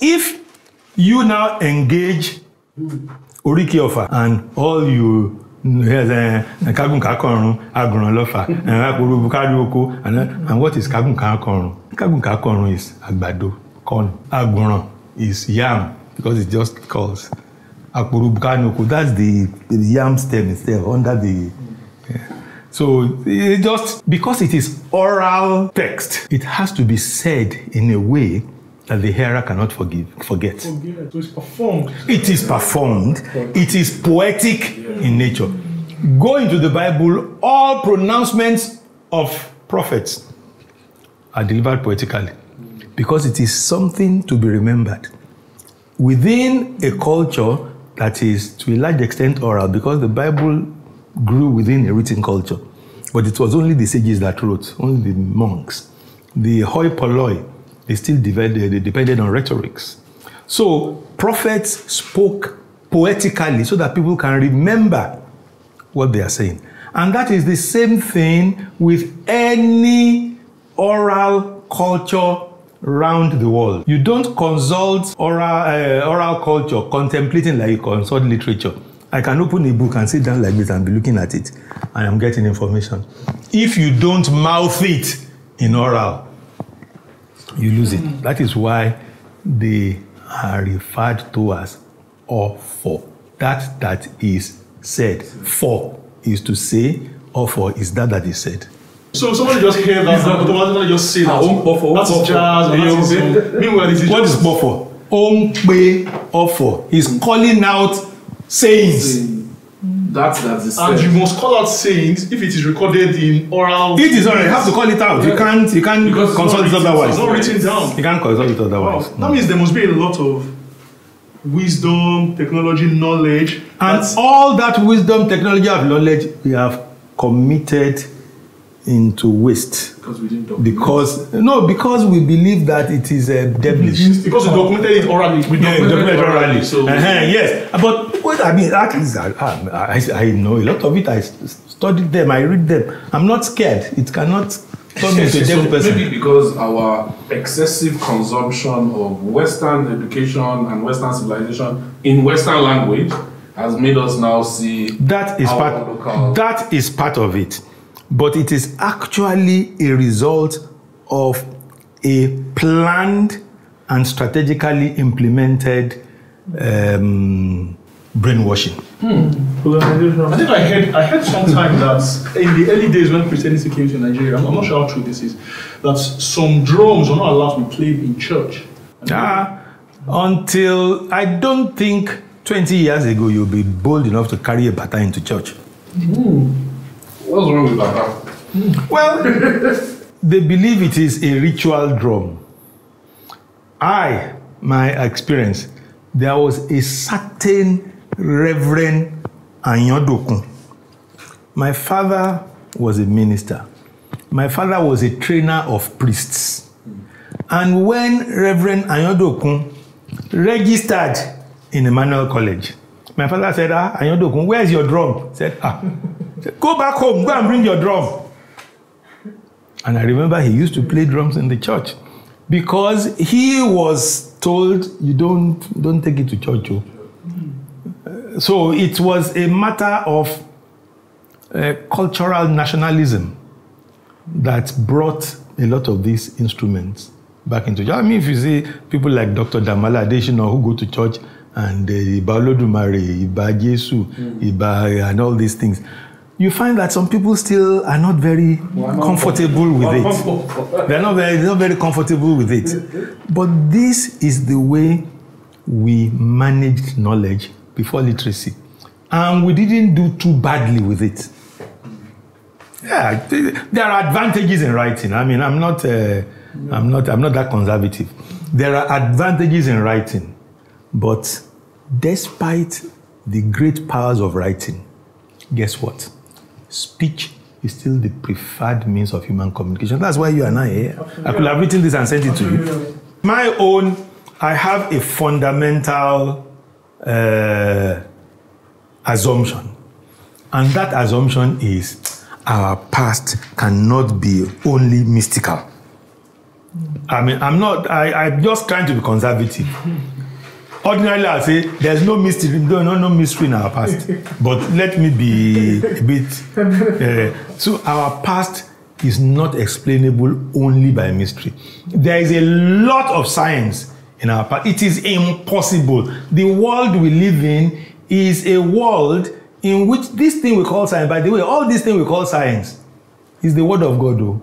if you now engage oríkì ọ̀fà and all you eh, eh, kagun kakọrun agùnràn lọ́fà akorobu eh, kárí oko and what is kagun kakọrun kagun kakọrun is àgbàdo corn agùnràn is yam because it just calls akorobu kárí oko that's the, the yam stem itself under the. Yeah. So it just because it is oral text, it has to be said in a way that the hearer cannot forgive, forget. So it's performed. It is performed. It is poetic yeah. in nature. Go into the Bible, all pronouncements of prophets are delivered poetically because it is something to be remembered within a culture that is to a large extent oral because the Bible grew within a written culture. But it was only the sages that wrote, only the monks. The hoi polloi, They still divided, they depended on rhetorics. So prophets spoke poetically so that people can remember what they are saying. And that is the same thing with any oral culture round the world. You don't consult oral, uh, oral culture contemplating like you consult literature. I can open a book and sit down like this and be looking at it I am getting information. If you don't mouth it in oral, you lose it. Mm. That is why they are referred to as for." That that is said. For is to say, for." is that that is said. So somebody just hear that and automatically just say that. Òun ah, pọ̀fọ̀, That's jazz, Meanwhile, it What is pọ̀fọ̀? Ó ń pe ọ̀fọ̀. He is calling out sayings. sayings. That's that's the And you must call out sayings if it is recorded in oral. It is already. You have to call it out. Yeah. You can't. You can't because consult it otherwise. It's not written down. You can't consult it otherwise. Wow. No. That means there must be a lot of wisdom, technology, knowledge, and all that wisdom, technology, and knowledge we have committed into waste. Because we didn't Because no, because we believe that it is uh, devilish. Because, we documented it orally. We yeah, documented it orally. So uh-huh, yes, but what I mean, at least I, I, I know a lot of it. I studied them. I read them. I'm not scared. It cannot turn me into a devil person. Maybe because our excessive consumption of Western education and Western civilization in Western language has made us now see that is part. Local. That is part of it but it is actually a result of a planned and strategically implemented um, brainwashing. Hmm. I think I heard I heard sometime that in the early days when Christianity came to Nigeria, I'm, I'm not sure how true this is, that some drums were not allowed to be played in church. Ah, until I don't think 20 years ago you'll be bold enough to carry a baton into church. Hmm. What's wrong with that? Well, they believe it is a ritual drum. I, my experience, there was a certain Reverend Anyodokun. My father was a minister. My father was a trainer of priests. And when Reverend Anyodokun registered in Emmanuel College, my father said, Ah, Anyodokun, where's your drum? I said, Ah. Go back home, go and bring your drum. And I remember he used to play drums in the church because he was told, you don't, don't take it to church. Oh. Uh, so it was a matter of uh, cultural nationalism that brought a lot of these instruments back into church. I mean, if you see people like Dr. Damala Adeshina who go to church and uh, Iba Olodumare, Iba Jesu, mm. Iba, and all these things, you find that some people still are not very comfortable with it. They're not very, they're not very comfortable with it. But this is the way we managed knowledge before literacy. And we didn't do too badly with it. Yeah, there are advantages in writing. I mean, I'm not, uh, I'm not, I'm not that conservative. There are advantages in writing, but despite the great powers of writing, guess what? speech is still the preferred means of human communication. That's why you are not here. I could have written this and sent it to you. My own, I have a fundamental uh, assumption. And that assumption is our past cannot be only mystical. I mean, I'm not, I, I'm just trying to be conservative ordinarily I say there's no mystery no no no mystery in our past but let me be a bit uh, so our past is not explainable only by mystery there is a lot of science in our past it is impossible the world we live in is a world in which this thing we call science by the way all this thing we call science is the word of God o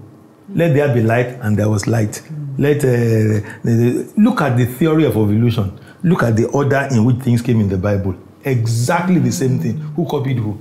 let there be light and there was light. mm Let uh, the, the, look at the theory of evolution. Look at the order in which things came in the Bible. Exactly the same thing. Who copied who?